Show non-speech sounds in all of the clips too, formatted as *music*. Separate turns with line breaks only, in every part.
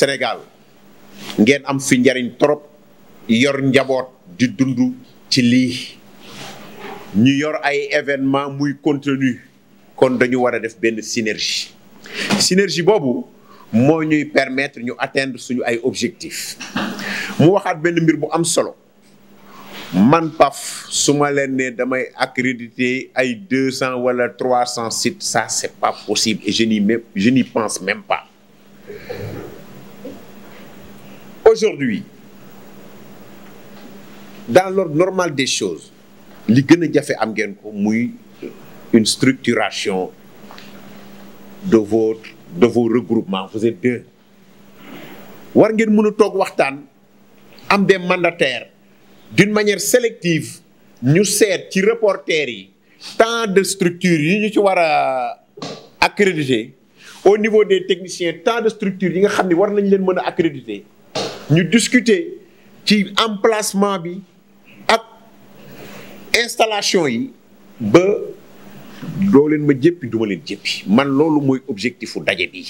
Sénégal ngeen am fi njariñ trop yor njaboot di dund ci lii ñu yor ay événement muy contenu kon dañu war a def benn synergie synergie boobu moo ñuy permettre ñu atteindre suñu ay objectifs mu waxaat benn mbir bu am solo man paf su ma leen ne damay accréditer ay deux cent wala trois cent sites ça c'est pas possible et je n'y je n'y pense même pas aujourd'hui dans l'ordre normal des choses li gën a jafe am ngeen ko muy une structuration de votre de vos regroupements vous êtes deux war ngeen mën a toog waxtaan am des mandataires d'une manière sélective ñu seet ci reporter yi tant de structure yi ñu ci war a accréditer au niveau des technicien tant de structures yi nga xam ne war nañ leen mën a accréditer ñu discuter ci emplacement bi ak installation yi ba looleen ma jéppi du ma leen jéppi man loolu mooy objectifu daje bi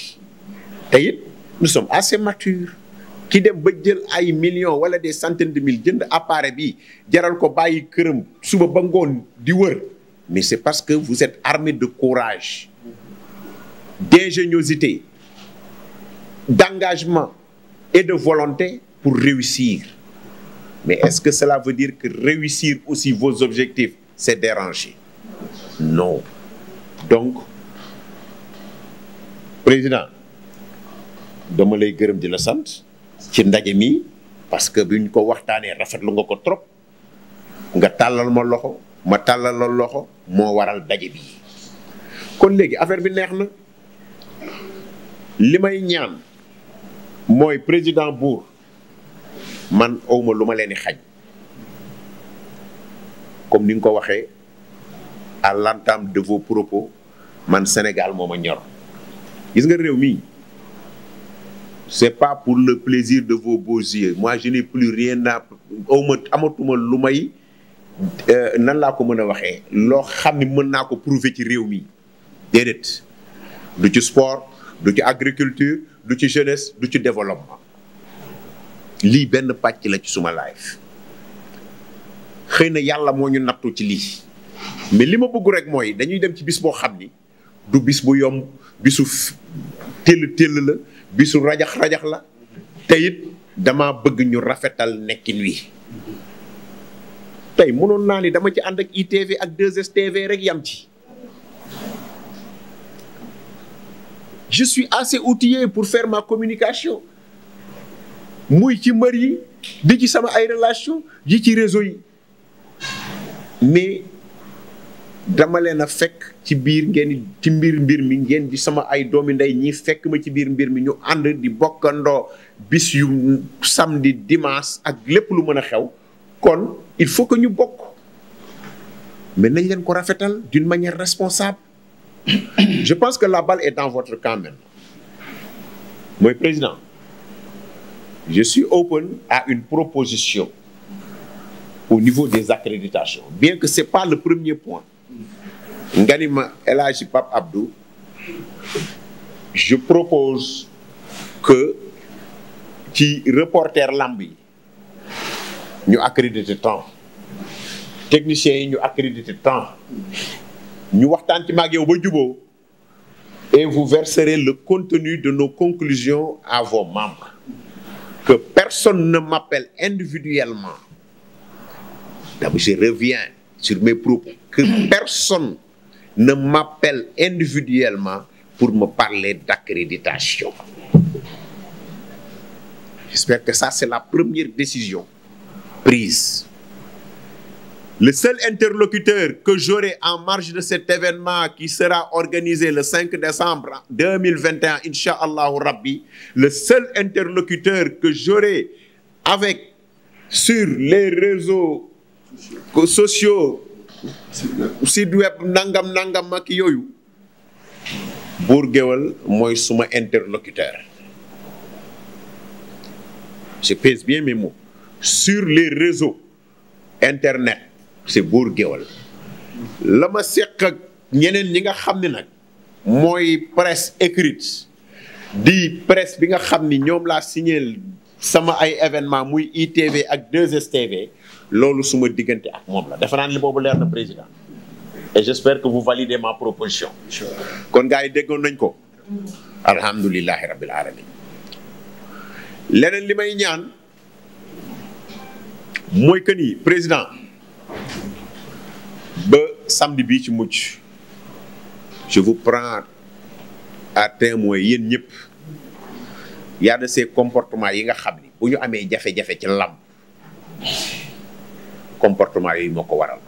te it nous sommes assez matures ki dem ba jël ay millions wala des centaines de mille jënd appareil bi jaral ko bàyyi këram suba ba ngoon di wër mais c'est parce que vous êtes armés de courage d'ingéniosité d'engagement et de volonté pour réussir. Mais est-ce que cela veut dire que réussir aussi vos objectifs, c'est déranger Non. Donc, président dama lay gërëm di la sant ci ndaje mi parce que bi ñu ko waxtaanee rafetlu nga ko trop nga tàllal ma loxo ma tàllal la loxo moo waral daje bi kon léegi affaire bi neex na li may ñaan. mooy président buur man awma lu ma leen di xañ comme ni nga ko waxee à l'entame de vos propos man Sénégal moo ma ñor gis nga réew mi c'est pas pour le plaisir de vos beaux yeux moi je n'ai plus rien à awma amatuma lu may euh, nan laa ko mën a waxee loo xam ni mën naa ko prouver ci réew mi déedéet du ci sport du ci agriculture du ci jeunesse du ci développement lii benn pàcc la ci suma life xëy na yàlla moo ñu nattu ci lii mais li ma bëggu rek mooy dañuy dem ci bis boo xam ni du bis bu yomb bisu téll téll la bisu rajax rajax la te dama bëgg ñu rafetal nekkin wi tey mënoon naa ni dama ci ànd ak ITV ak 2STV rek yam ci je suis assez outillé pour faire ma communication muy ci mbër di ci sama ay relation di ci réseau yi mais dama leen a fekk ci biir ngeen ci mbir mbir mi ngeen di sama ay doomi ndey ñi fekk ma ci biir mbir mi ñu ànd di bokkandoo bis yu samedi dimanche ak lépp lu mën a xew kon il faut que ñu bokk mais nañ leen ko rafetal d'une manière responsable *coughs* je pense que la balle est dans votre camp maintenant mooy président je suis open à une proposition au niveau des accréditations bien que c'est pas le premier point nga ni ma El Hadji Pape Abdou je propose que ci reporter lamb yi ñu temps techniciens yi ñu accrédité temps ñu waxtaan ci maag yow juboo et vous verserez le contenu de nos conclusions à vos membres que personne ne m'appelle individuellement donc je reviens sur mes propos que personne ne m'appelle individuellement pour me parler d'accréditation j'espère que ça c'est la première décision prise Le seul interlocuteur que j'aurai en marge de cet événement qui sera organisé le 5 décembre 2021, Inch'Allah Rabbi, le seul interlocuteur que j'aurai avec sur les réseaux sociaux, site web nangam nangam ak yooyu, Buur Géwël mooy suma interlocuteur. Je pèse bien mes mots. Sur les réseaux internet. c'est buur géwal la ma ak ñeneen li nga xam ne nag mooy presse écrite di presse bi nga xam ni ñoom laa signé sama ay événement muy ITV ak 2STV loolu suma diggante ak moom la defe ne li boobu leer na président et j'espère que vous validez ma proposition kon gars yi déggoon nañ ko alhamdulilahi rabbil alamin leneen li may ñaan mooy que président ba samedi bii ci mujj je vous prends à témoin yéen ñëpp y a de ces comportements yi nga xam ni bu ñu amee jafe-jafe ci làmb comportement yooyu moo ko waral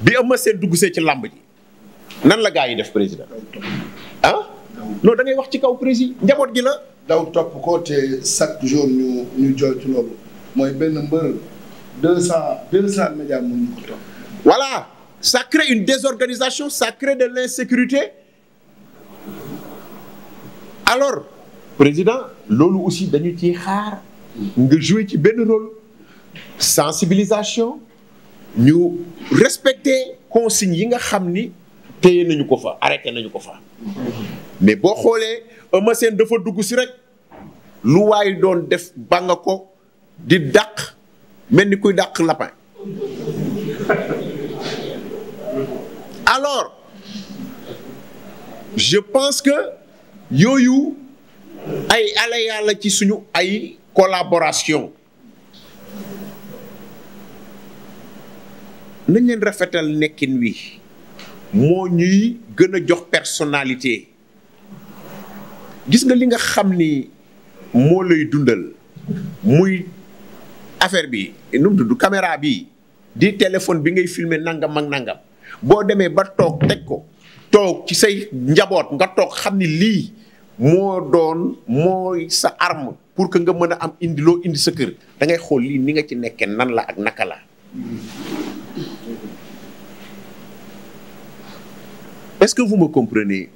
bi am ma seen dugg see ci làmb ji nan la gaa yi def président ah non da wax ci kaw président njaboot gi la. daw topp ko te chaque jour ñu ñu jooytu loolu mooy deux cent deux cent voilà ça crée une désorganisation ça crée de l'insécurité alors président loolu aussi dañu ciy xaar nga joue ci benn rôle sensibilisation ñu respecter consignes yi nga xam ni téye nañu ko fa arrêté nañu ko fa mais boo xoolee Eumeu Sène dafa dugg si rek lu waay doon def banga ko di dàq mel ni kuy dàq lapin alors je pense que yooyu ay ala yàlla ci suñu ay collaboration nañ leen rafetal nekkin wi moo ñuy gën a jox personnalité gis nga li nga xam ni moo lay dundal muy affaire bi nu mu tudd caméra bi di téléphone bi ngay filmer nangam ak nangam boo demee ba toog teg ko toog ci say njaboot nga toog xam ni lii moo doon mooy sa arme pour que nga mën a am indi loo indi sa kër da xool lii ni nga ci nekkee nan la ak naka la. Est-ce que vous me comprenez?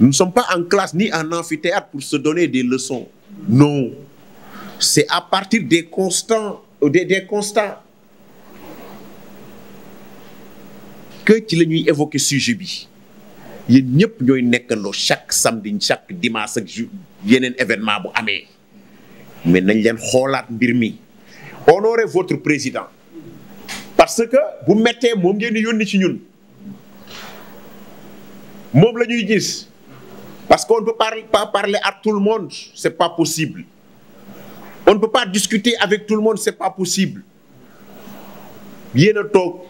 Nous ne sommes pas en classe ni en amphithéâtre pour se donner des leçons. Non. C'est à partir des constants euh, des, des constats que ci la ñuy évoquer sujet bi yéen ñëpp ñooy nekkandoo chaque samedi chaque dimanche ak yeneen événement bu amee mais nañ leen xoolaat mbir mi honorez votre président parce que bu mettee moom ngeen di yónni ci ñun moom la ñuy gis parce qu'on ne peut pas parler à tout le monde c'est pas possible on ne peut pas discuter avec tout le monde c'est pas possible yéen a toog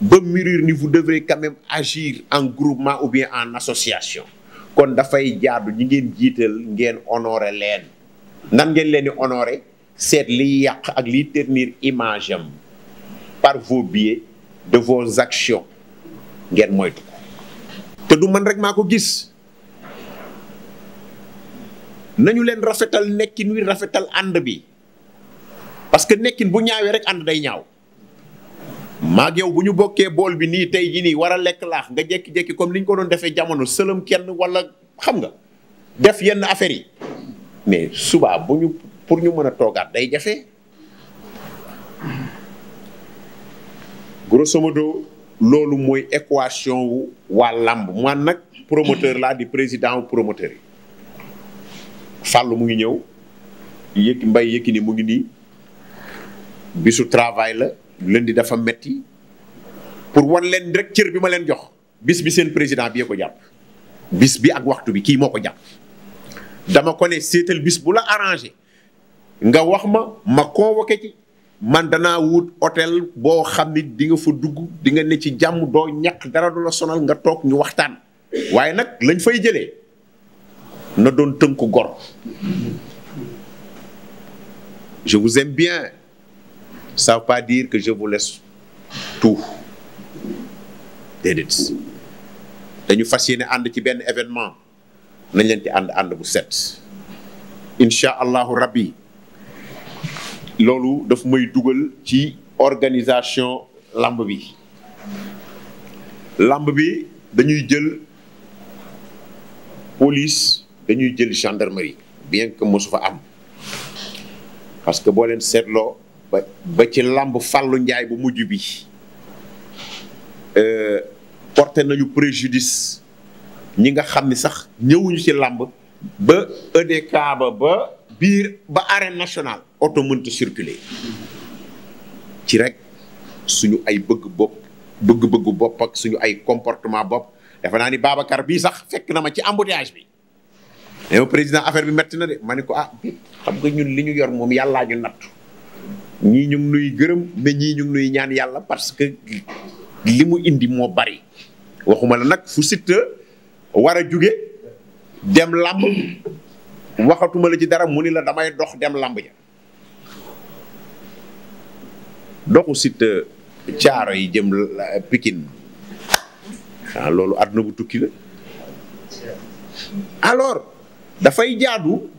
ba mûrir ni vous devrez quand agir en groupement ou bien en association kon dafay jaadu ñi ngeen jiital ngeen honoré leen nan ngeen leen di honoré seet liy yàq ak liy ternir image par vos biais de vos actions ngeen moytu ko du man rek maa ko gis nañu leen rafetal nekkin wi rafetal ànd bi parce que nekkin bu ñaawee rek ànd day ñaaw maag yow bu ñu bokkee bool bi nii tey jii nii war a lekk laax nga jékki-jékki comme ni ñu ko doon defee jamono sëlëm kenn walla xam nga def yenn affaires yi mais suba bu ñu pour ñu mën a toogaat day jafe. grosso loolu mooy équation wu waa làmb man nag promoteur laa di président wu promoteur yi Fallou mu ngi ñëw yëkki mbay yëkki ni mu ngi nii. bisu travail la leen di dafa metti pour wan leen rek cër bi ma leen jox bis bi seen président bi ko jàpp bis bi ak waxtu bi kii moo ko jàpp dama ko ne seetal bis bu la arrangé nga wax ma ma convoqué ci man dana wut hôtel boo xam ni di nga fa dugg di nga ne ci jàmm doo ñàkk dara du la sonal nga toog ñu waxtaan waaye nag lañ fay jëlee na doon tënku gor je vous aime bien ça veut pas dire que je vous laisse tout déedéet dañu fas yéene ànd ci benn événement nañ leen ci ànd ànd bu set incha allahu rabbi loolu dafa may dugal ci organisation lamb bi lamb bi dañuy jël police dañuy jël gendarmerie bien que mosu fa am parce que boo leen seetloo ba ci làmb Fallou njaay bu mujj bi euh, porté nañu préjudice ñi nga xam ni sax ñëwuñu ci lamb ba EDK ba ba biir ba arène national oto mënta circuler ci rek suñu ay bëgg bopp bëgg-bëggu bopp ak suñu ay comportement bopp dafa naa ni Babacar bii sax fekk na ma ci embouteillage bi mais président affaire bi metti na de ma ne ko ah xam nga ñun li ñu yor moom yàllaa ñu natt ñii ñu ngi nuy gërëm mais ñii ñu ngi nuy ñaan yàlla parce que li mu indi moo bari waxuma la nag fu Siteu war a jóge dem làmb waxatuma la ci dara mu ni la damay dox dem làmb ja doxu Siteu caaro yi jëm Pikine ah loolu àdduna bu tukki la alors dafay jaadu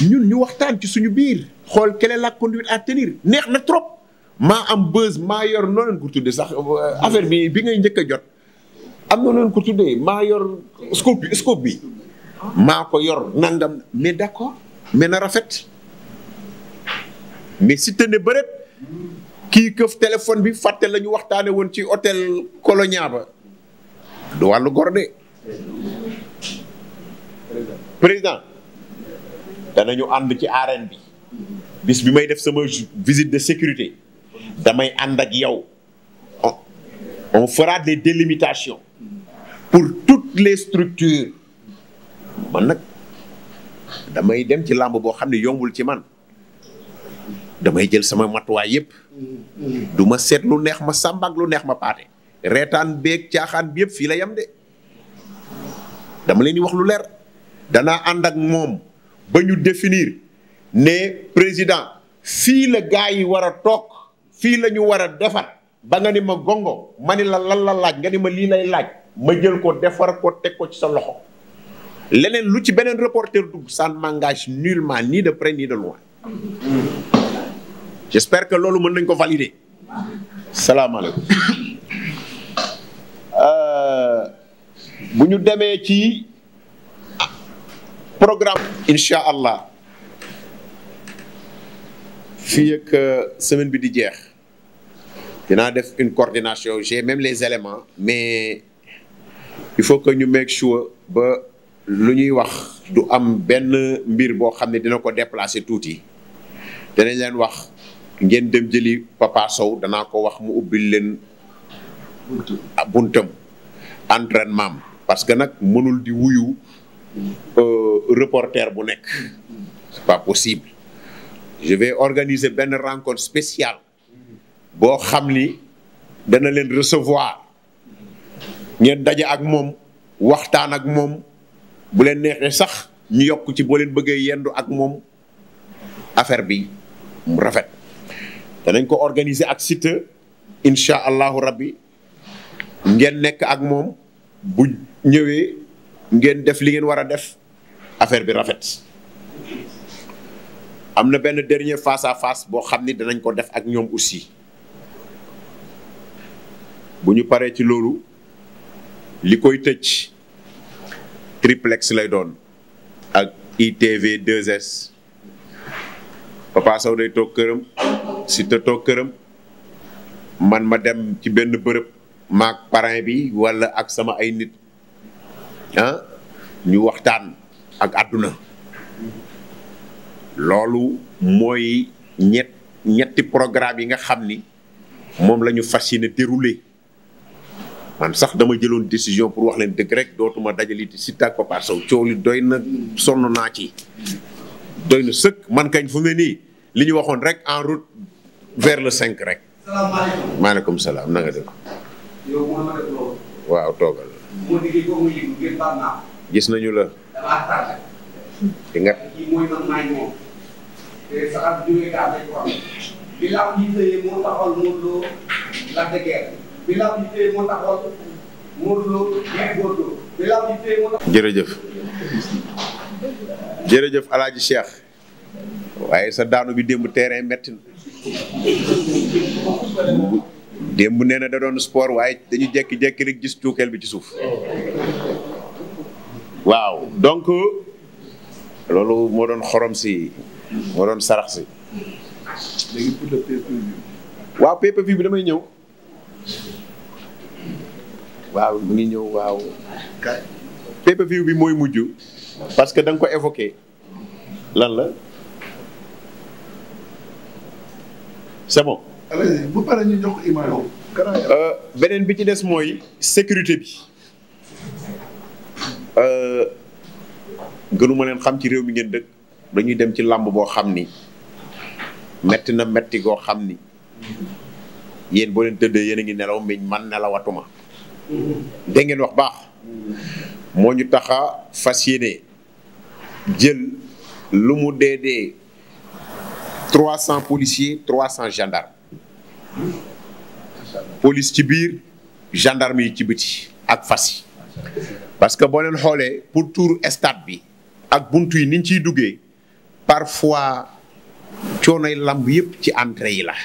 ñun ñu waxtaan ci suñu biir xool quelle est la conduite à tenir neex na trop maa am buzz ma yor noo leen ko sax euh, affaire bi bi ngay njëkk a jot am na noo leen ma yor scoop bi scoop bi maa ko yor nangam mais d'accord me na rafet mais si tëne bëret kii këf téléphone bi fàtte la ñu waxtaane woon ci hôtel Colonia ba du wàllu góor de président ñu ànd ci arène bi bis bi may def sama visite de sécurité damay ànd ak yow on fera des pour toutes les structures man nag damay dem ci làmb boo xam ne yombul ci man damay jël sama matuwaay yépp duma ma seet lu neex ma sàmba ak lu neex ma paate reetaan beeg caaxaan bi yépp fii la yam de dama leen di lu leer danaa ànd ak moom ba ñu définir ne président fii la gaa yi war a toog fii la ñu war a defar ba nga ni ma gongo ma ni la lan la laaj nga ni ma lii lay laaj ma jël ko defar ko teg ko ci sa loxo leneen lu ci beneen reporter dugg ça ne m'engage nullement nii de près ni de loin que loolu mën nañ ko valider salaamaaleykum *coughs* euh, bu ñu demee ci programme incha allah fii ak euh, semaine bi di jeex dinaa def une coordination j'ai même les éléments mais il faut que ñu make sure ba lu ñuy wax du am benn mbir boo xam ne dina ko déplacer tuuti danañ leen wax ngeen dem jëli Papa danaa ko wax mu ubbil leen buntam entraînement parce que nag mënul di wuyu euh, reporter bu nekk c'est pas possible je vais organiser benn rencontre spéciale boo xam ni dana leen recevoir ngeen daje ak moom waxtaan ak moom bu leen neexee sax ñu yokk ci boo leen bëggee yendu ak moom affaire bi mu rafet. danañ ko organiser ak Siteu incha allahu rabbi ngeen nekk ak moom bu ñëwee ngeen def li ngeen war a def affaire bi rafet. am na benn dernier face à boo xam ni danañ ko def ak ñoom aussi bu ñu paree ci loolu li koy tëj triplex lay doon ak ITV 2S Papa Sow toog këram Siteu toog këram man ma dem ci benn bërëb maag parrain bi wala ak sama ay nit ah ñu waxtaan ak àdduna loolu mooy ñett ñetti programme yi nga xam ni moom la ñu fas yéene déroulé man sax dama jëloon décision pour wax leen dëgg rek dootuma dajaliti Siteu ak Papa Sow coow li doy na sonn naa ci doy na sëkk man kañ fu mu nii li ñu waxoon rek en route vers le cinq rek maaleykum salaam na nga def waaw toogal gis nañu la di nga jërëjëf jërëjëf El Hadj waaye sa daanu bi démb terrain metti na démb nee na da doon sport waaye dañu jékki-jékki rek gis cuukeel bi ci suuf waaw donc loolu moo doon xorom si. moo doon sarax si. léegi pour le bi damay ñëw. waaw mu ngi ñëw waaw. PPV bi mooy mujj. parce que da nga ko évoqué. lan la. c'est bon. Euh, beneen bi ci des mooy sécurité bi. Euh, gënu ma leen xam ci réew mi ngeen dëkk. dañuy dem ci làmb boo xam ni metti na metti goo xam ni yéen boo leen tëddee yéen a ngi nelaw miñ man nelawatuma dégg ngeen wax baax moo ñu tax a fas yéene jël lu mu dee dee trois cent policiers trois cent gendarmes police ci biir gendarme yi ci biti ak fas yi parce que boo leen xoolee pour tour stade bi ak buntu yi niñ ciy duggee parfois coonoy làmb yëpp ci entrée yi la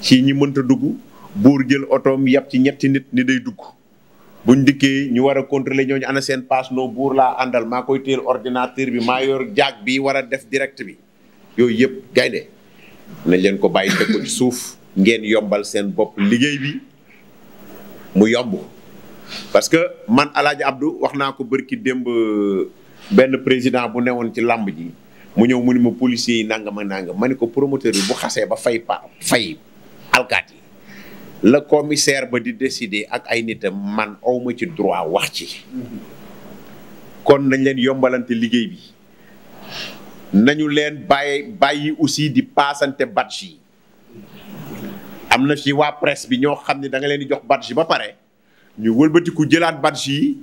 ci ñi mënta dugg buur jël otoom yàpp ci ñetti nit ni day dugg buñ dikkee ñu war a contrôler ñooñu ana seen passe non buur laa àndal maa koy téel ordinateur bi maa jaag bi war a def direct bi yooyu yëpp gaynde na leen ko bàyyi suuf ngeen yombal seen bopp liggéey bi mu yomb parce que man Alaaji Abdou wax naa ko bërki démb benn président bu newoon ci làmb ji mu ñëw mu ni ma policier yi nangam ak nangam ma ne ko promoteur bi bu xasee ba fay pa fay alkaat yi la commissaire ba di décider ak ay nitam man awma ci droit wax ci kon nañ leen yombalante liggéey bi nañu leen bàyyi bàyyi aussi di paasante badge yi am na ci waa presse bi ñoo xam ne danga leen di jox badge yi ba pare ñu wëlbatiku jëlaat badge yi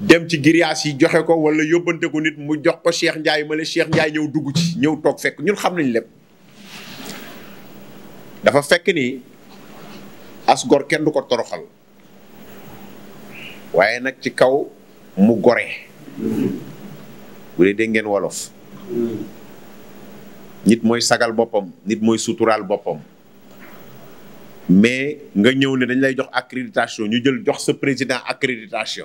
dem ci giriyaas yi joxe ko wala yóbbante ko nit mu jox ko Cheikh Ndiaye ma la Cheikh Ndiaye ñëw dugg ci ñëw toog fekk ñun xam nañ lépp dafa fekk ni as gor kenn du ko toroxal waaye nag ci kaw mu gore bu dee dégg ngeen wolof nit mooy sagal boppam nit mooy suturaal boppam mais nga ñëw ne dañ lay jox accréditation ñu jël jox sa président accréditation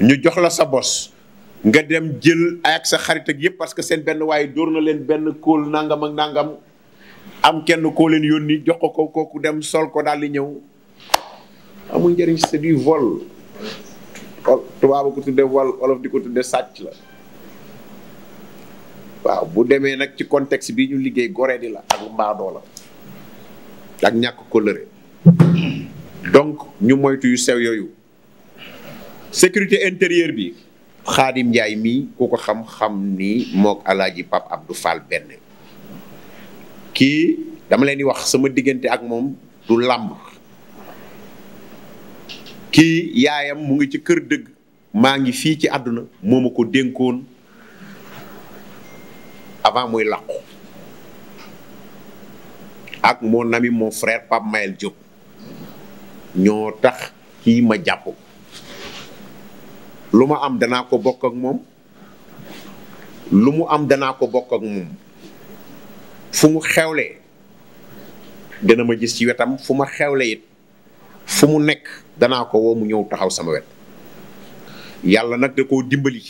ñu jox la sa bos nga dem jël ak sa xarit ak yëpp parce que seen benn waaye dóor na leen benn kóol nangam ak nangam am kenn koo leen yónni jox ko ko kooku dem sol ko daal di ñëw amul njëriñ c'est du vol tubaab ko tudde vol wolof di ko tudde sàcc la waaw bu demee nag ci contexte bi ñu liggéey goree la ak mbaadoo la ak ñàkk kóllëre donc ñu moytu yu sew yooyu sécurité intérieure bi Xaadim Njaay mii ku ko xam-xam ni mook alaaji Pape Abdou Fall benn kii dama leen di wax sama diggante ak moom du làmb kii yaayam mu ngi ci kër dëgg maa ngi fii ci àdduna moo ma ko dénkoon avant muy làqu ak mon ami mon frère Pape Mayel Diop ñoo tax kii ma jàpp lu ma am danaa ko bokkak moom lu mu am danaa ko bokk ak moom fu mu xewlee dana ma gis ci wetam fu ma xewle yit fu mu nekk danaa ko woo mu ñëw taxaw sama wet yàlla nag da koo dimbali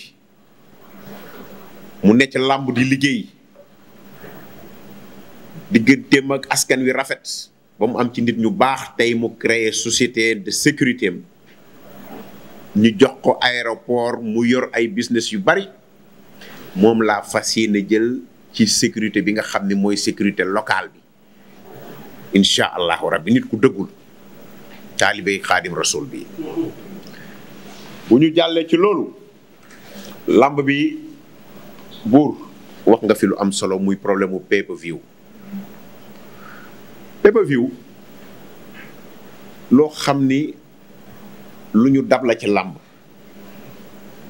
mu nekk làmb di liggéey digganteem ak askan wi rafet ba mu am ci nit ñu baax tey mu créer société de sécurité am ñu jox ko aéroport mu yor ay business yu bari moom laa fas yéene jël ci sécurité bi nga xam ni mooy sécurité locale bi incha allahu rabbi nit ku dëggul taalibey xaadim rasul bi bu ñu jàllee ci loolu lamb bi buur wax nga fi lu am solo muy problème mu pay-per-view pay view loo xam ni lu ñu dab la ci làmb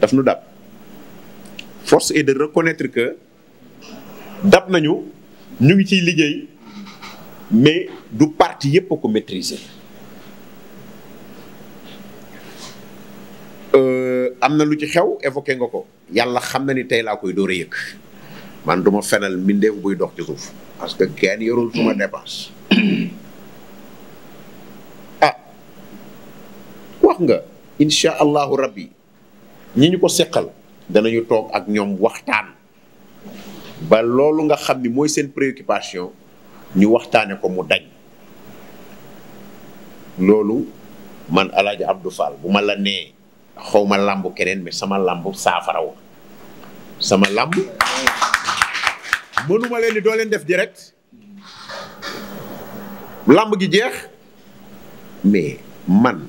daf nu dab force et de reconnaître que dab nañu ñu ngi ciy liggéey mais du partie yépp a ko maîtriser euh, am na lu ci xew évoqué nga ko yàlla xam na ni tey laa koy door a yëg man du ma fenal mbindeef buy dox ci suuf parce que kenn yorul suma dépense nga incha allahu rabbi ñi ñu ko seqal danañu toog ak ñoom waxtaan ba loolu nga xam ni mooy seen préoccupation ñu waxtaane ko mu dañ loolu man alaaji Abdou Fall bu ma la nee ma làmb keneen mais sama làmb saafara wa sama làmb mënuma leen ni doo leen def direct làmb gi jeex mais man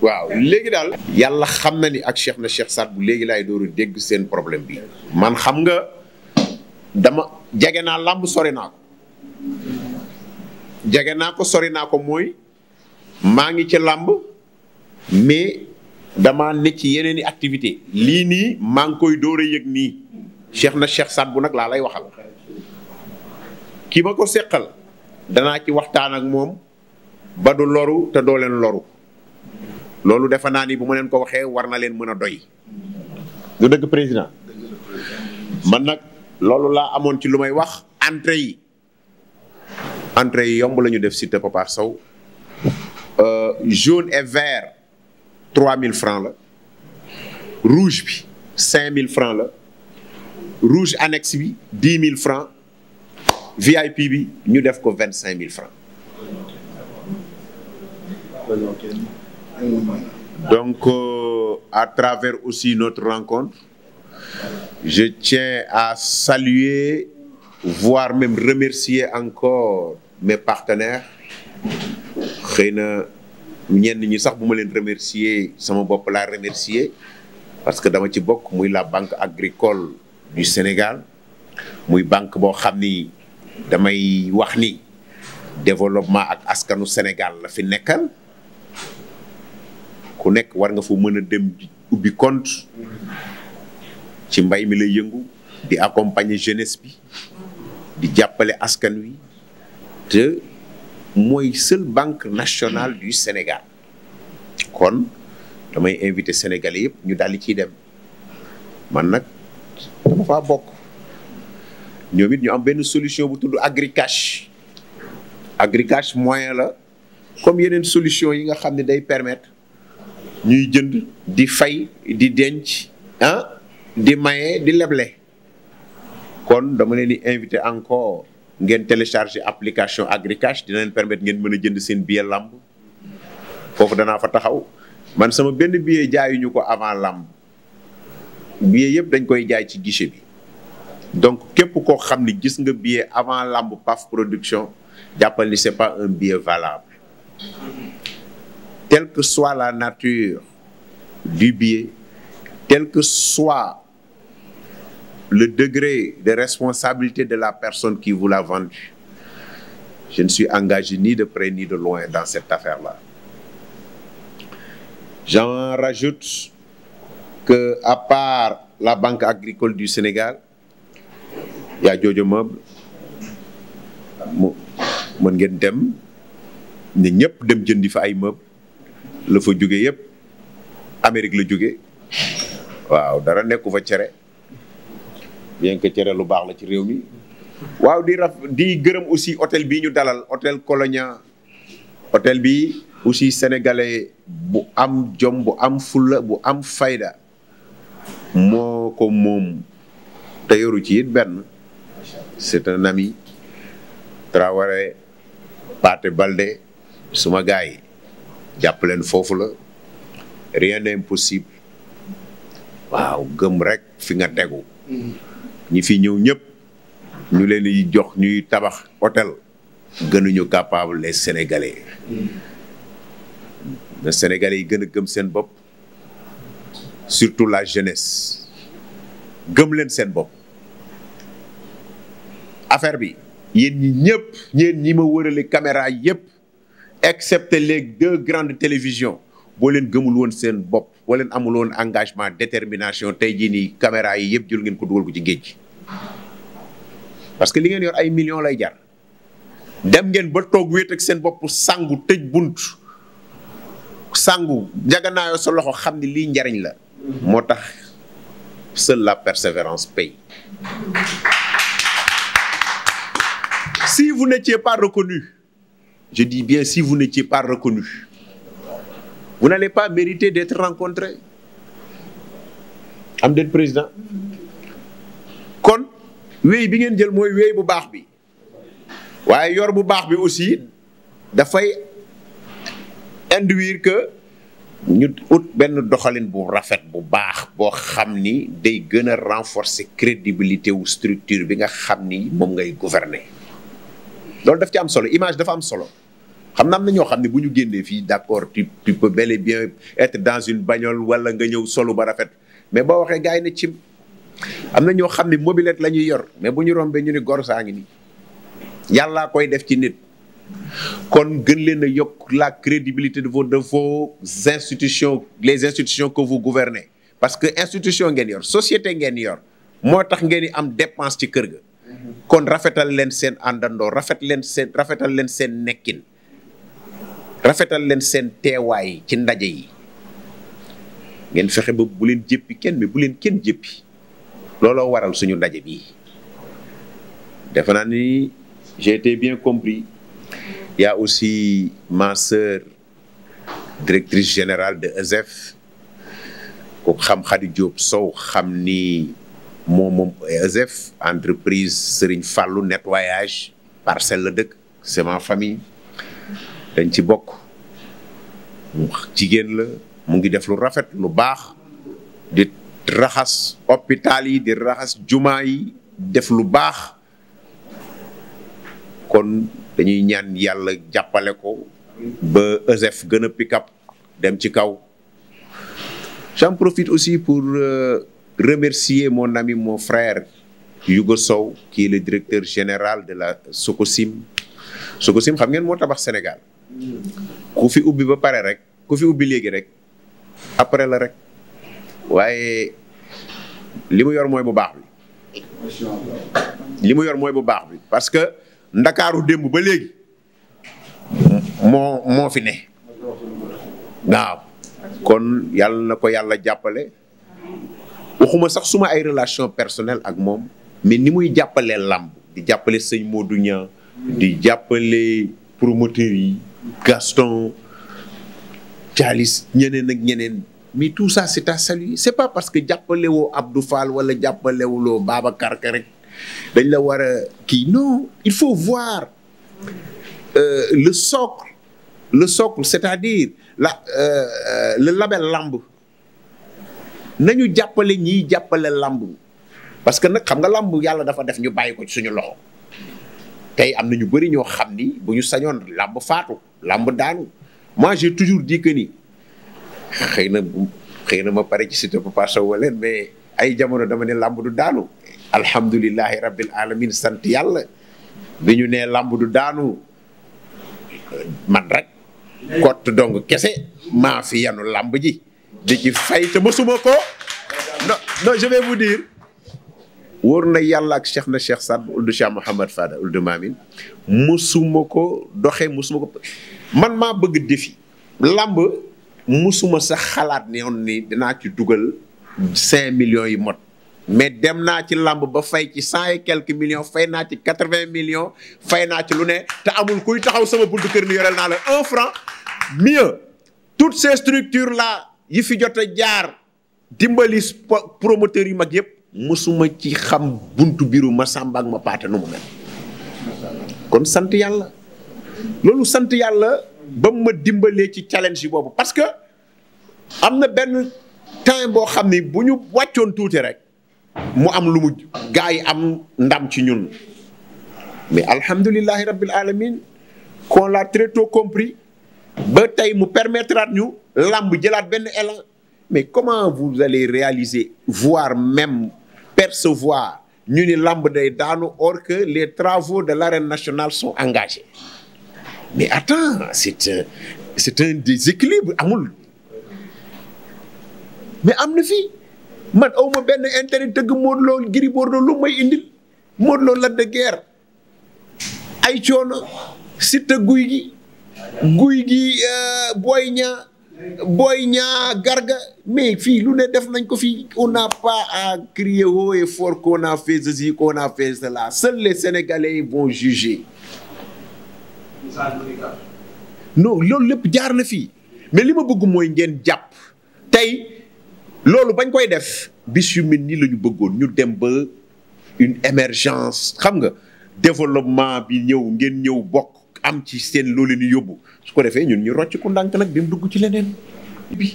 waaw léegi daal. yàlla xam na ni ak Cheikh na Cheikh Saad bu léegi laay door a dégg seen problème bi man xam nga dama jege naa làmb sori naa ko jege naa ko sori naa ko mooy maa ngi ci làmb mais dama ne ci yeneen i activité lii nii maa ngi koy door a yëg nii Cheikh na Cheikh Saad bu nag laa lay waxal ki ma ko seqal danaa ci waxtaan ak moom ba loru te dooleen loru. loolu defe naa ni bu ma leen ko waxee war na leen mën a doy. du dëgg président. man nag loolu laa amoon ci lu may wax entrée yi. entrée yi yomb la ñu def Cité Papa Sow euh, jaune et vert trois mille francs la rouge bi cinq mille francs la rouge annexe bi dix mille francs VIP bi ñu def ko vingt cinq mille francs Donc, euh, à travers aussi notre rencontre, je tiens à saluer, voire même remercier encore mes partenaires. xëy na ñenn ñi sax bu ma leen remercier sama bopp laa remercier parce que dama ci bokk muy la banque agricole du Sénégal muy banque boo xam ni damay wax ni développement ak askanu Sénégal la fi nekkan ku nekk war nga fa mën a dem ubbi compte ci mbay mi lay yëngu di accompagner jeunesse bi di jàppale askan wi te mooy seule banque nationale du Sénégal kon damay invité sénégalais yëpp ñu daal di ciy dem man nag dama bokk ñoom it ñu am benn solution bu tudd agricash agricash moyen la comme yeneen solution yi nga xam ne day permettre ñuy jënd di fay di denc ah di maye di leble kon dama leen di invité encore ngeen télécharger application Agricash dina leen permettre ngeen mën a jënd seen billet làmb foofu danaa fa taxaw man sama benn billet jaayuñu ko avant làmb billet yëpp dañ koy jaay ci guichet bi donc képp koo xam ni gis nga billet avant làmb PAF production jàppal ni c'est pas un billet valable quelle que soit la nature du biais, quel que soit le degré de responsabilité de la personne qui vous l'a vendu, je ne suis engagé ni de près ni de loin dans cette affaire-là. J'en rajoute que, à part la Banque agricole du Sénégal, il y a Jojo Meuble mën ngeen dem ne ñëpp dem jëndi fa ay meubles la fa jóge yëpp Amérique la jóge waaw dara nekku fa cere bien que cere lu baax la ci réew mi waaw di raf gërëm aussi hôtel bii ñu dalal hôtel koloña hôtel bi aussi sénégalais bu am jom bu am fulla bu am fayda moo ko moom te yoru ci it benn c'est un ami Traoré Paté Baldé suma gars yi jàpp leen foofu la rien n'est impossible waaw gëm rek fi nga tegu mm-hmm. ñi fi ñëw ñëpp ñu leen di jox ñuy tabax hôtel gënuñu capable les sénégalais na mm-hmm. sénégalais yi gën a gëm seen bopp surtout la jeunesse gëm leen seen bopp affaire bi yéen ñi ñëpp ñeen ñi ma wërale caméra yëpp excepté les deux grandes télévisions boo leen gëmul woon seen bopp boo leen amul woon engagement détermination tey jii nii caméra yi yëpp jël ngeen ko dugal ko ci géej parce que li ngeen yor ay millions lay jar dem ngeen ba toog wéet seen boppu sangu tëj bunt sangu jaganaayoo sa loxo xam ni lii njariñ la moo tax seule la persévérance paye si vous n'étiez pas reconnu Je dis bien si vous n'étiez pas reconnu. Vous n'allez pas mériter d'être rencontré. am le président kon wéy bi ngeen jël mooy wéy bu baax bi waaye yor bu baax bi aussi dafay induire que ñu ut benn doxalin bu rafet bu baax boo xam ni day gën a renforcer crédibilité wu structure bi nga xam ni moom ngay gouverner. loolu daf ci am solo image dafa am solo xam na am na ñoo xam ne bu ñu génnee fii d'accord tu tu peux bel et bien être dans une bagnole wala nga ñëw solo ba rafet mais boo waxee gars yi ne ci am na ñoo xam ne mobilette la ñuy yor mais bu ñu rombee ñu ne gor saa ngi nii yàllaa koy def ci nit. kon gën leen a yokk la crédibilité de vos de vos institutions les institutions que vous gouvernez parce que institution ngeen yor société ngeen yor moo tax ngeen di am dépense ci kër ga. kon rafetal leen seen àndandoo rafet leen seen rafetal leen seen nekkin rafetal leen seen teewaay ci ndaje yi ngeen fexe ba bu leen jëppi kenn mais bu leen kenn jëppi looloo waral suñu ndaje bi defe naa ni j'ai été bien compris il aussi ma sœur directrice générale de ESEF ko xam Khady Diop Sow xam ni moom moom ESF entreprise Serigne Fallou nettoyage parcelle la dëkk c'est ma famille dañ ci bokk jigéen la mu ngi def lu rafet lu baax di raxas hôpital yi di raxas jumaa yi def lu baax kon dañuy ñaan yàlla jàppale ko ba ESF gën pick up dem ci kaw j'en profite aussi pour euh, remercier mon ami, mon frère Yougo Sow, qui est le directeur général de la Socosim. Socosim, xam ngeen moo tabax Sénégal ku fi ubbi ba pare rek ku fi ubbi léegi rek après la rek waaye li mu yor mooy bu baax bi. li mu yor mooy bu baax bi parce que ndakaaru démb ba léegi moo moo fi ne. waaw kon yàlla na ko yàlla jàppale. waxuma sax suma ay relation personnelle ak moom mais ni muy jàppalee làmb di jàppale sëñ Modou Niang di jàppale promoteur yi Gaston Thialis ñeneen ak ñeneen mais tout ça c'est à saluer c'est pas parce que jàppale woo Abdou Fall wala jàppale wuloo Babacar Ka rek dañ la war a kii non il faut voir euh, le socle le socle c'est-à-dire la euh, euh le label lamb nañu jàppale ñiy jàppale làmb parce que nag xam nga làmb yàlla dafa def ñu bàyyi ko ci suñu loxo tey am na ñu bëri ñoo xam ni bu ñu sañoon làmb faatu làmb daanu moi j'ai toujours dit ni xëy na xëy na ma pare ci Siteu Papa Sow wa ay jamono dama ne làmb du daanu alhamdulilahi rabbil alamin yàlla bi ñu nee làmb du daanu man rek kott dong kese maa fi yanu làmb ji di ci fay te mësuma ko non non je vais vous dire wóor na yàlla ak Cheikh na Cheikh Saad bu uldu Cheikh Mouhamad Fada uldu Maamin mësuma ko doxee mësuma ko man maa bëgg defi làmb mësuma sax xalaat ne woon ni dinaa ci dugal cinq millions yi mot mais dem naa ci lamb ba fay ci cent et quelques millions fay naa ci quatre vingt million fay naa ci lu ne te amul kuy taxaw sama buntu kër ni naa la un franc mieux toutes ces structures là yi fi jot a jaar dimbali promoteur yu mag yëpp mosuma ci xam buntu biiru ma sàmba ma paate nu mu mel kon sant yàlla loolu sant yàlla ba ma dimbalee ci challenge boobu parce que am na benn temps boo xam ni bu ñu wàccoon tuuti rek mu am lu mu gaa yi am ndam ci ñun mais alhamdulillahi rabbil alamin qu'on l'a très tôt compris ba tey mu permettre ñu lamb jëlaat benn élan mais comment vous allez réaliser voir même percevoir ñu ni làmb de daanu or que les travaux de l'arène nationale sont engagés mais attends c'est un c'est un déséquilibre amul mais am na fi man awma benn intérêt tëgg Modou Lo Gris Bordeaux lu may indil Modou Lo ay coono Siteu Gouye Gui Gouye euh, Gui Boy Niang Boy ñaa Garga mais fii lu ne def nañ ko fii on n'a pas à crier haut et fort qu'on a fait ceci qu'on a fait cela seuls les Sénégalais vont juger non loolu lépp jaar na fii mais li ma bëgg mooy ngeen jàpp tey loolu bañ koy def bis yu mel nii la ñu bëggoon ñu dem ba une émergence xam nga développement bi ñëw ngeen ñëw bokk am ci seen loolu ni yóbbu su ko defee ñun ñu rocc ko ndànk nag dem dugg ci leneen bi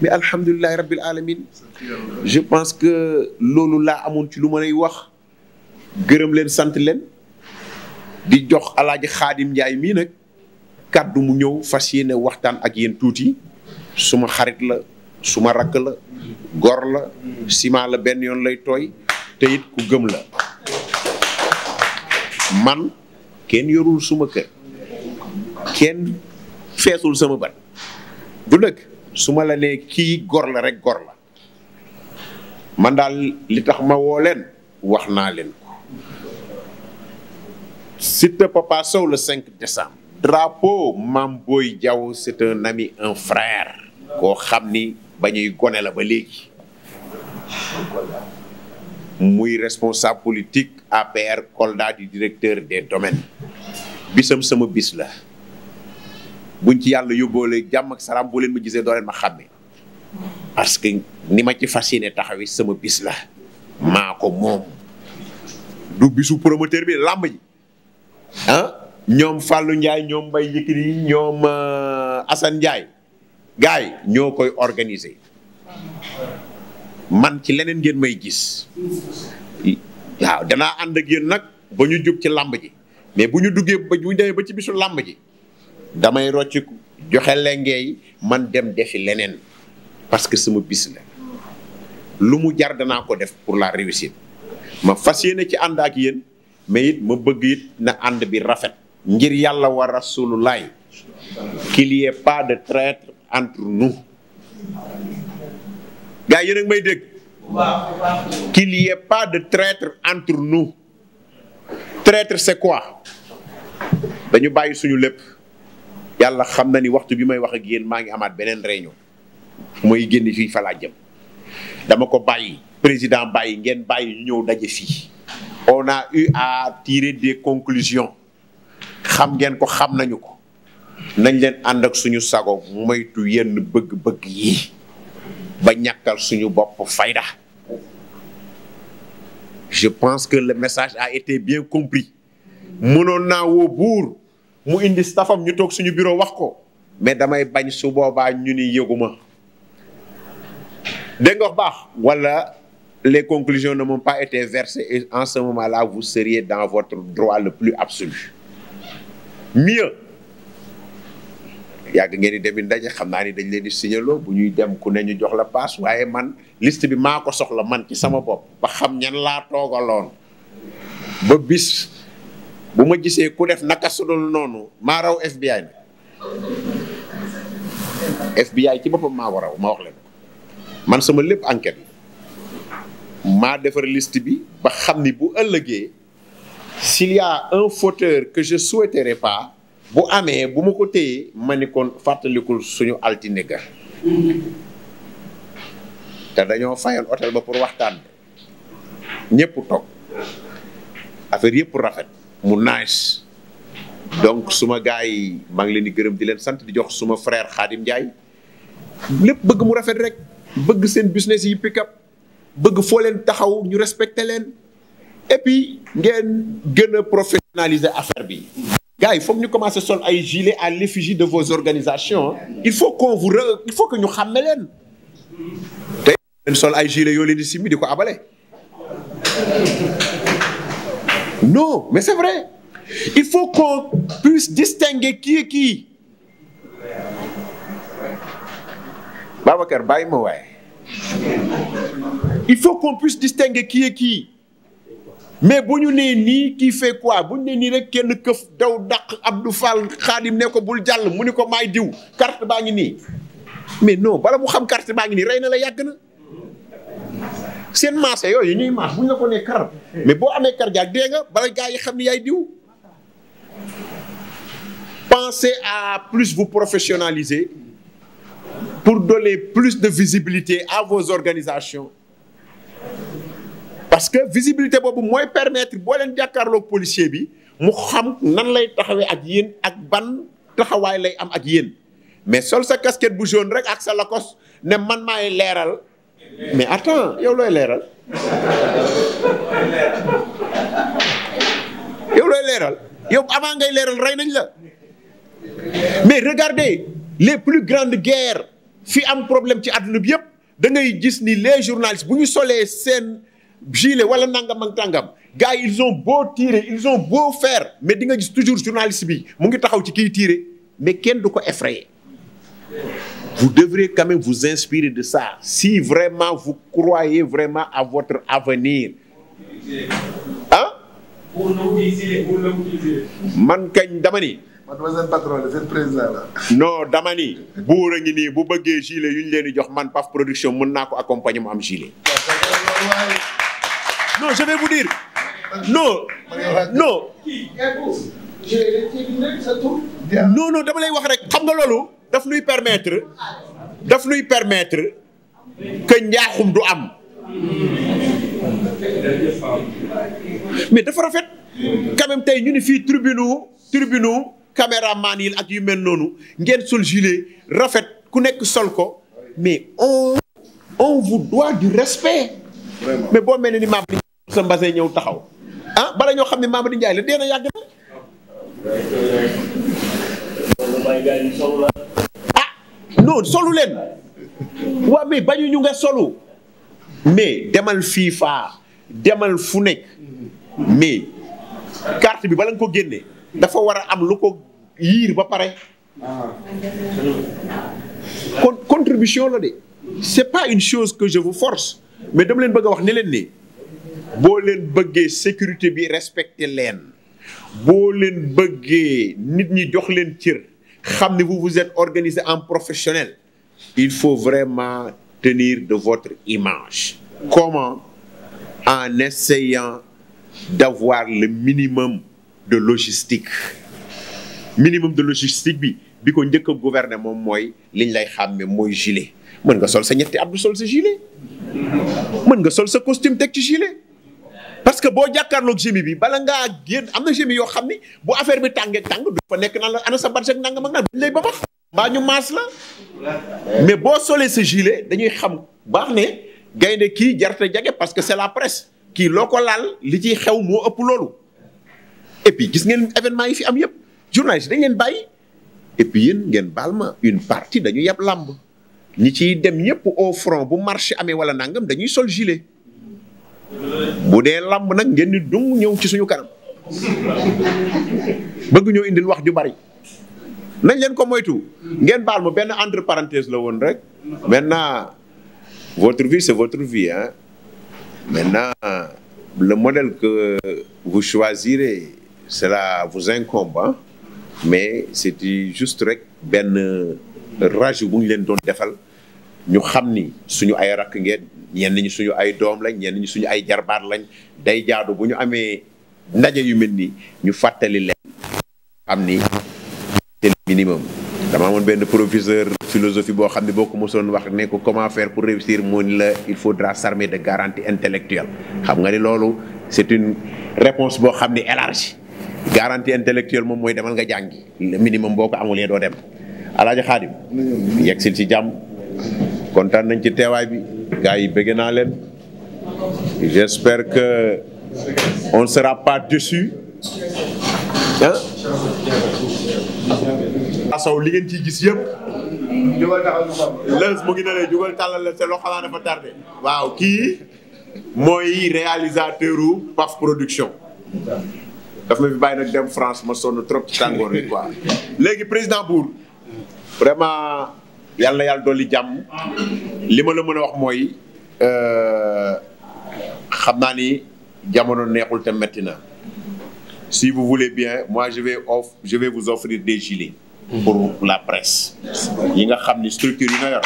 mais alhamdulilahi rabbil alamin je pense que loolu laa amoon ci lu ma lay wax gërëm leen sant leen di jox alaaji xaadim njaay mii nag kàddu mu ñëw fas yéene waxtaan ak yéen tuuti suma xarit la suma rakk la gor la ciment la benn yoon lay tooy te it ku gëm la man kenn yorul suma kër kenn feesul sama bët du dëgg su ma la nee kii gor la rek gor la man daal li tax ma woo leen wax naa leen ko Siteu Papa Sow le 5 décembre drapeau Mame Boye Diao c'est un ami un frère koo xam ni ba ñuy gone la ba léegi muy responsable politique APR Kolda di directeur des domaines bisam sama bis la bu ci yàlla yóbboole jàmm ak salaam boo leen ma gisee doo leen ma xàmme parce que ni ma ci fasine yéene taxawee sama bis la maa ko moom du bisu promoteur bi làmb ji ah ñoom Fallou njaay ñoom Mbaye Yékini ñoom euh, Assane Ndiaye gars yi ñoo koy organiser man ci leneen ngeen may gis waaw danaa ànd ak yéen nag boo ñu jub ci làmb ji mais bu ñu duggee ba bu ñu demee ba ci bisu làmb ji damay rocciku joxe lengeey man dem defi leneen parce que sama bis la lu mu jar danaa ko def pour la réussite ma fas yéene ci ànd ak yéen mais it ma bëgg it na ànd bi rafet ngir yàlla wa rasulullaay qu'il lie ait pas de traître entre nous gars yéen may dégg qu'il y pas de traitre entre nous traître c'est quoi dañu bàyyi suñu lépp yàlla xam na ni waxtu bi may wax ak yéen maa ngi amaat beneen réunion mooy génn fii falaa jëm dama ko bàyyi président bàyyi ngeen bàyyi ñu ñëw daje fii on a eu à tirer des conclusions xam ngeen ko xam nañu ko nañ leen ànd ak suñu sago moytu yenn bëgg-bëgg yi ba ñàkkal suñu bopp fayda je pense que le message a été bien compris mënoon naa woo buur mu indi stafam ñu toog suñu biro wax ko mais damay bañ su boobaa ñu ni yëguma dégg nga wax baax wala les conclusions ne m'ont pas été versées et en ce moment-là vous seriez dans votre droit le plus absolu yàgg ngeen di dem ndaje xam naa ni dañ leen di signaloo bu ñuy dem ku ne ñu jox la paas waaye man liste bi maa ko soxla man ci sama bopp ba xam ñan laa toogaloon ba bis bu ma gisee ku def naka sudul noonu maa raw FBI na FBI ci boppam maa waraw ma wax leen man sama lépp enquête maa defar liste bi ba xam ni bu ëllëgee si y a un fauteur que je souhaiterais pas bu amee bu ma ko téyee ma ni fàttalikul suñu altine ga te dañoo fayoon hôtel ba pour waxtaan ñëpp toog affaire yëpp rafet mu nice donc suma gars yi maa ngi leen di gërëm di leen sant di jox suma frère Khadim Ndiaye lépp bëgg mu rafet rek bëgg seen business yi pick up bëgg foo leen taxaw ñu respecté leen et ngeen gën a professionnaliser affaire bi. gars il faut que ñu commencer sol ay gilet à l'effigie de vos organisations il faut qu'on vous re... il faut que ñu xàmme leen te leen sol ay gilet yoo de di simbi di ko abale non mais c'est vrai il faut qu'on puisse distinguer qui est qui Babacar bàyyi ma waaye il faut qu'on puisse distinguer qui est qui mais bu ñu nee nii kii fait quoi bu ñu nee nii rek kenn këf daw dàq Abdou Fall xaadim ne ko bul jàll mu ni ko maay diw carte baa ngi nii mais non bala mu xam carte baa ngi nii rey na la yàgg na seen marché yooyu ñuy marché bu ñu la ko nee kar mais boo amee kar jaag dee nga bala gaa yi xam ni yaay diw pensez à plus vous professionnaliser pour donner plus de visibilité à vos organisations parce que visibilité boobu mooy permettre boo leen jàkkaarloog policier bi mu xam nan lay taxawee ak yéen ak ban taxawaay lay am ak yéen mais sol sa casquette bu jaune rek ak sa lakos ne man maay leeral mais attends yow looy leeral yow looy leeral yow avant ngay leeral rey nañ la mais regardez les plus grandes guerres fi am problème ci àdduna bi yëpp da ngay gis ni les journalistes bu ñu solee seen gilet wala nangam ak tàngam gars yi ils ont beau tirer ils ont beau faire mais di nga gis toujours journaliste bi mu ngi taxaw ci kii tirer mais kenn du ko effrayer vous devrez quand même vous inspirer de ça si vraiment vous croyez vraiment à votre avenir ah man kañ dama ni seen patron seen président la non dama ni buur a ngi nii bëggee gilet yu ñu leen di jox man PAF production mën naa ko accompagner mu am gilet non je vais vous dire non non. non non dama lay wax rek xam nga loolu daf nuy permettre daf nuy permettre que njaaxum du am mais dafa rafet quand tey ñu ni fii tribunal tribunal caméraman yii ak yu mel noonu ngeen sol gilet rafet ku nekk sol ko mais on on vous doit du respect mais boo mel ni maam sa mbase ñëw taxaw ah bala ñoo xam ne Mamadou Ndiaye la dee na yàgg na. ah non solu leen waa mais bañu ñu nga solu mais demal FIFA demal fu nekk mais carte bi bala nga ko génne dafa war a am lu ko yiir ba pare. kon contribution la de c'est pas une chose que je vous force mais dam leen bëgg wax ni leen ne. boo leen bëggee sécurité bi respecté leen boo bëggee nit ñi jox leen cir xam ne vous vous êtes organisé en professionnel il faut vraiment tenir de votre image comment en essayant d'avoir le minimum de logistique minimum de logistique bi bi ko njëkk a gouverner moom mooy liñ lay xàmme mooy gilet mën nga sol sa ñetti abdu sol sa gilet mën nga sol sa costume teg ci gilet parce que boo jàkkaarloog gémi bi bala ngaa génn am na gémi yoo xam ni bu affaire bi tàngee tàng du fa nekk naan la ana sa barseeg nangam ak naan dañ lay ba bax mbaa ñu maas la mais boo solee sa gilet dañuy xam baax ne gaynde kii jarte jage parce que c'est la presse kii loo ko laal li ci xew moo ëpp loolu et gis ngeen événement yi fi am yëpp journaliste dañ leen bàyyi et yéen ngeen baal ma une partie dañuy yab làmb ñi ci dem ñëpp au front bu marché amee wala nangam dañuy sol gilet bu dee làmb nag ngeen ni dung ñëw ci suñu kanam bëgg ñoo indil wax ju bari nañ leen ko moytu ngeen baal ma benn entre parenthèse la woon rek maintenant votre vie c'est votre vie hein maintenant le modèle que vous choisirez cela vous incombe hein? mais c'est juste rek benn rage bu ñu leen doon defal ñu xam ni suñu ay rakk ngeen ñenn ñi suñu ay doom lañ ñenn ñi suñu ay jarbaat lañ day jaadu bu ñu amee ndaje yu mel nii ñu fàttali leen xam ni c'est le minimum dama amoon benn professeur philosophie boo xam ne boo ko mosoon wax ne ko comment faire pour réussir moom ni la il faudra s'armer de garanti intellectuelle xam nga ni loolu c'est une réponse boo xam ni élargie garantie intellectuelle moom mooy demal nga jàngi le minimum boo ko amulee doo dem a xaadim yegg ci jàmm kontaan nañ ci gars yi bëgg naa leen j'espère que on ne sera pas déçu ah. asaw li ngeen ciy gis yëpp. lëns mu ngi ne leen jugal la te loo xanaa dafa tardé. waaw kii mooy réalisateur u PAF production. daf ma bay bàyyi nag France ma sonn trop ci tàngoor bi quoi. léegi président vraiment. yàlla na yàlla dolli jàmm li ma la mën a wax mooy euh, xam naa ni jamono neexul te metti na si vous voulez bien moi je vais offre je vais vous offrir des gilets pour la presse yi nga xam ni structure yi nga yor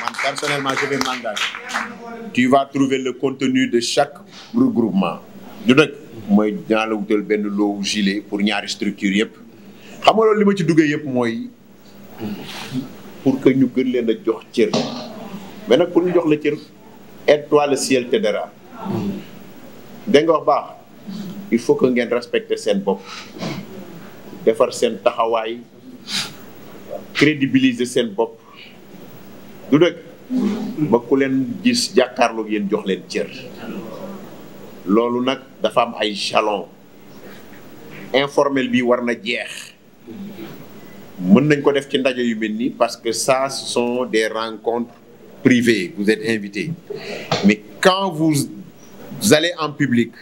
man personnellement je vais m'engager tu vas trouver le contenu de chaque regroupement du dëkk mooy dinaa la wutal benn loowu gilet pour ñaari structure yëpp xam nga loolu li ma ci duggee yëpp mooy pour que ñu gën leen a jox cër mais nag pour ñu jox la cër aide-toi le dara t'aidera dégg nga baax il faut que ngeen respecter seen bopp defar seen taxawaay crédibiliser seen bopp du dëgg ba ku leen gis jàkkaarloog yéen jox leen cër loolu nag dafa am ay jalon informel bi war na jeex mën nañ ko def ci ndaje yu mel nii parce que ça ce sont des rencontres privées vous êtes invités mais quand vous allez en public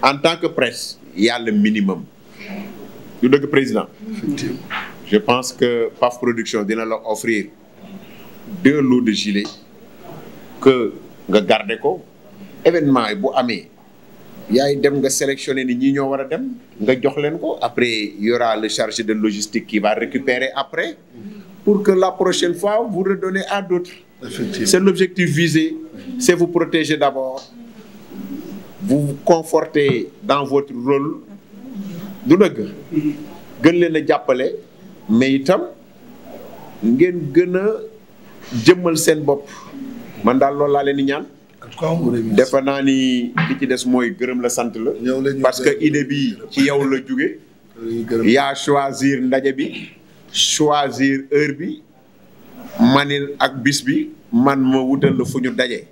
en tant que presse il y a le minimum président je pense que PAF Production dina la offrir deux lots de gilets que nga garder ko événement yi bu amee yaay dem nga sélectionné ni ñii ñoo war a dem nga jox leen ko après y aura le chargé de logistique qui va récupérer après pour que la prochaine fois vous redonnez à d'autres c'est l'objectif visé c'est vous protéger d'abord vous vous conforter dans votre rôle du dëgg gën leen a jàppale mais itam ngeen gën a jëmmal seen bopp man daal loolu laa leen di ñaan defe naa ni li ci des mooy gërëm la sant la. parce que idée bi ci yow la jóge yaa choisir ndaje bi. choisir heure bi. manil ak bis bi man ma wutal la fu ñu daje.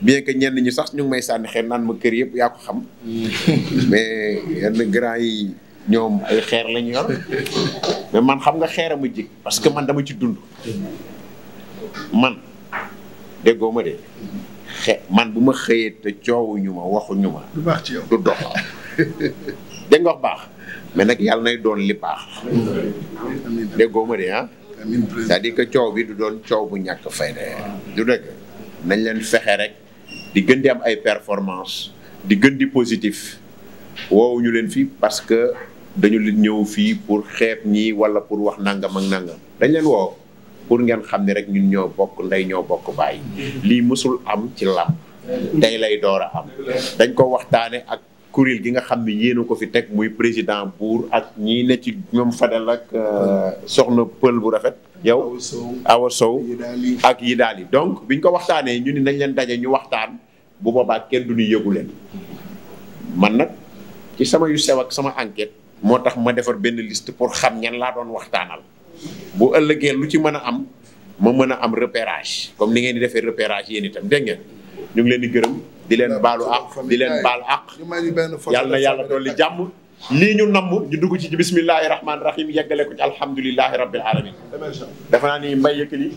bien que ñenn ñu sax ñu may sànni xeer naan ma kër yëpp yaa ko xam. Mm. mais yenn grand yi ñoom ay xeer lañu yor. mais man xam nga xeer a ma jig parce que man dama ci dund. man déggoo ma de. xe man bu ma xëyee te coow ñu ma waxuñu ma. du baax ci yow du dox. *laughs* dégg wax baax mais nag yàlla nay doon li baax. déggoo ma de ah. cest dire que coow bi du doon coow bu ñàkk fayda du dëgg nañ leen fexe rek di gën di am ay performance di gën di positif woowuñu leen fi parce que dañu leen ñëw fii pour xeeb ñii wala pour wax nangam ak nangam dañ leen woo. pour ngeen xam ne rek ñun ñoo bokk ndey ñoo bokk baay lii mësul am ci làmb tey lay door a am dañ ko waxtaane ak kuréel gi nga xam ne yéen ko fi teg muy président buur ak ñii ne ci ñoom Fadel ak euh, soxna pël bu rafet yow Awa Sow ak yi daal yi donc biñ ko waxtaanee ñu ni nañ leen daje ñu waxtaan bu boobaa kenn du ñu yëgu leen man nag ci sama yu sew ak sama enquête moo tax ma defar benn liste pour xam ñan laa doon waxtaanal bu ëllëgee lu ci mën a am ma mën a am repérage comme ni ngeen di defee repérage yéen itam dégg ngeen ñu ngi leen di gërëm di leen baalu àq di leen baal àq yàlla na yàlla dolli jàmm lii ñu namm ñu dugg ci bismillahi rahmaani rahim yeggale ko ci alhamdulilahi rabbil alamin dafa naa ni may yëkkali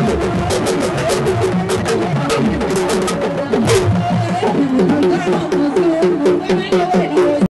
Thank you.